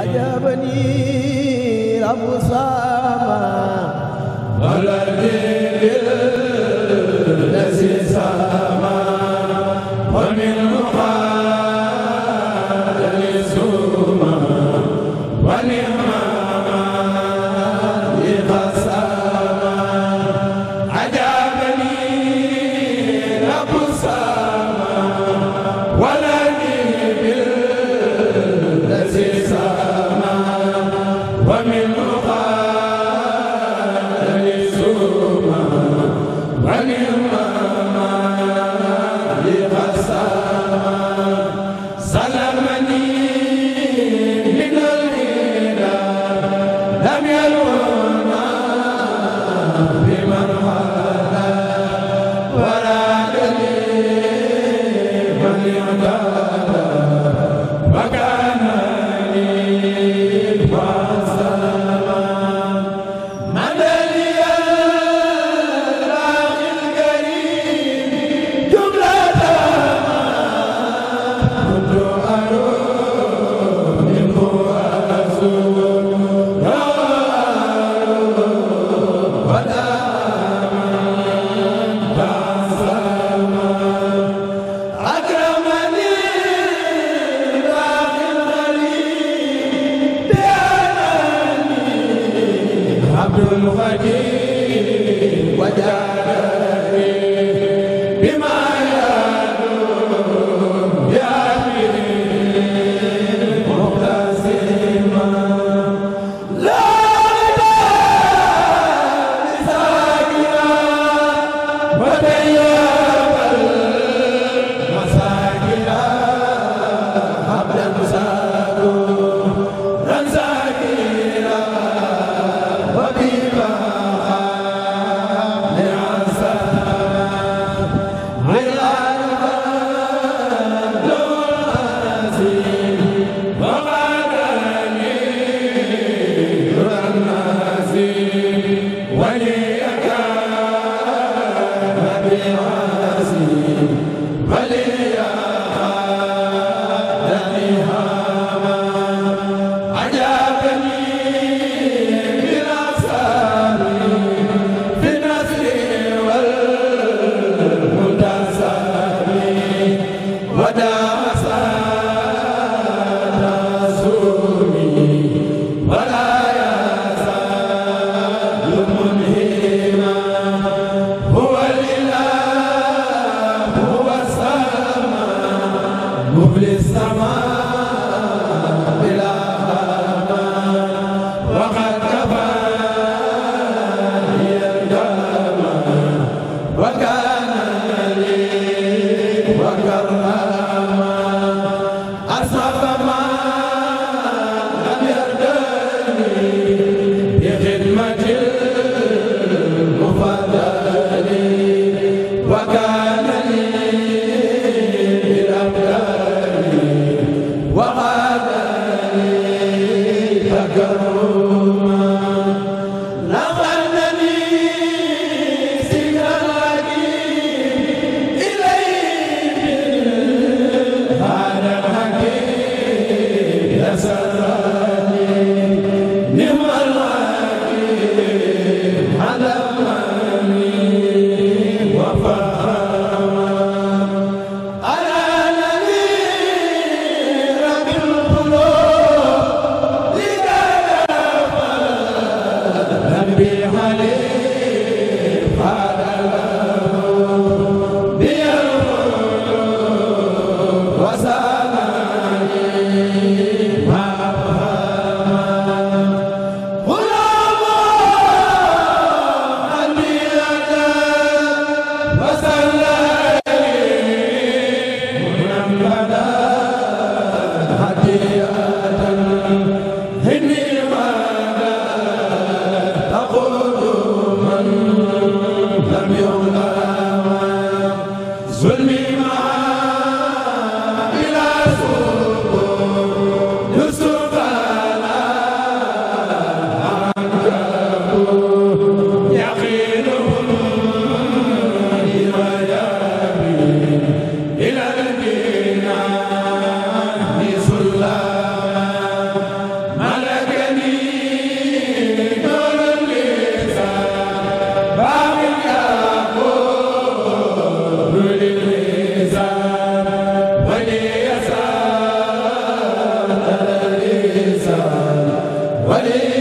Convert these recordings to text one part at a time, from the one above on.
أجابني رب سامة ولدي Amen.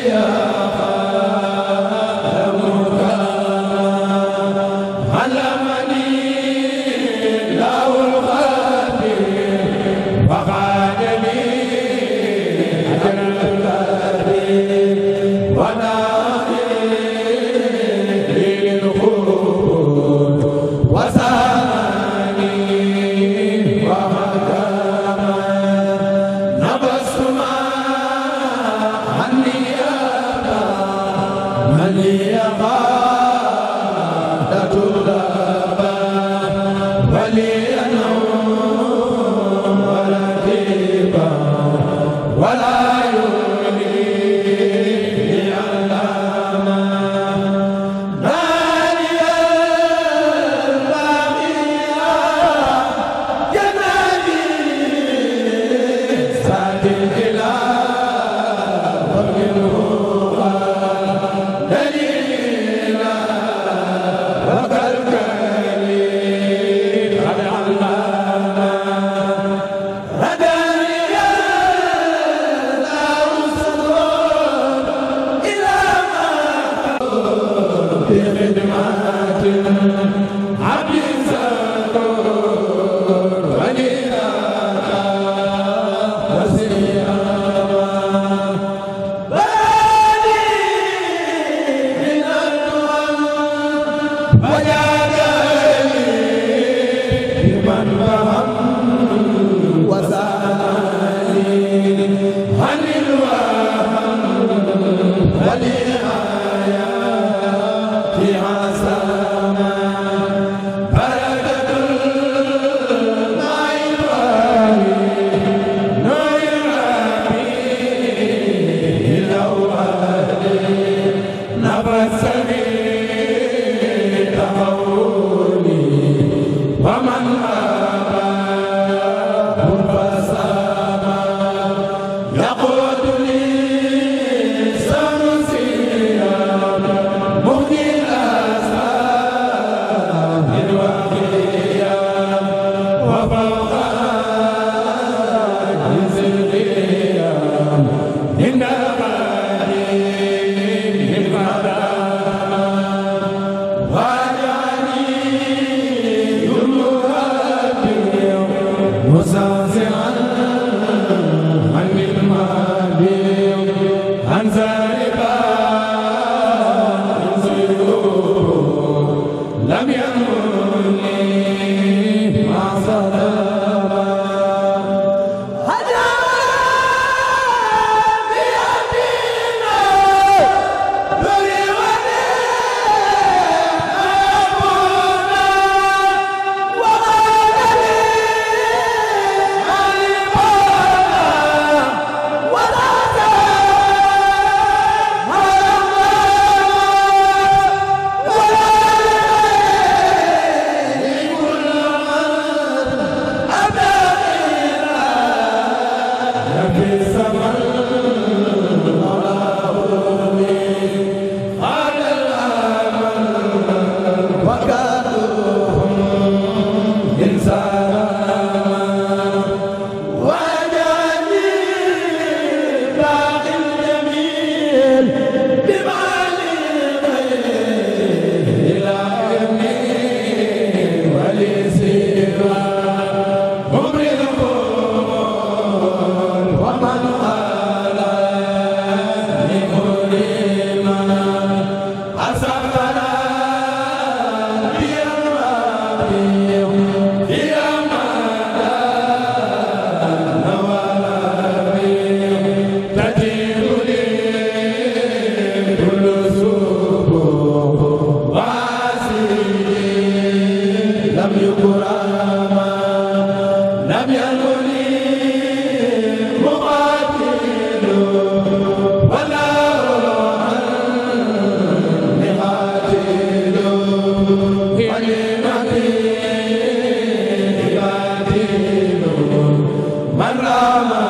ya Allah